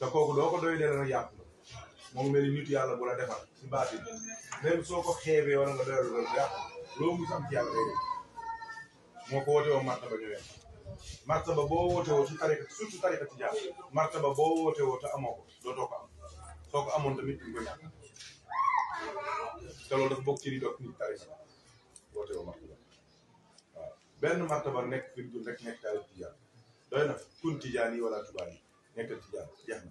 te kooku doo ko doy delloo nag yàpp la moom mel nit yàlla bu la defar si baati même soo ko xeebee wala nga doyal loolu yàpp moo ko boo woote woo ci tariqa surtout tariqa ci martaba boo woote woo te amoo ko dootoo ko am soo ko amoon tamit ko ñàkk te loolu dafa bokk ci li nit tariqa woote woo martaba waaw benn martaba nekk fi mu nekk nekk daal ci doy na kun tijaan yi wala tubaan yi nekkal ci jaar jeex na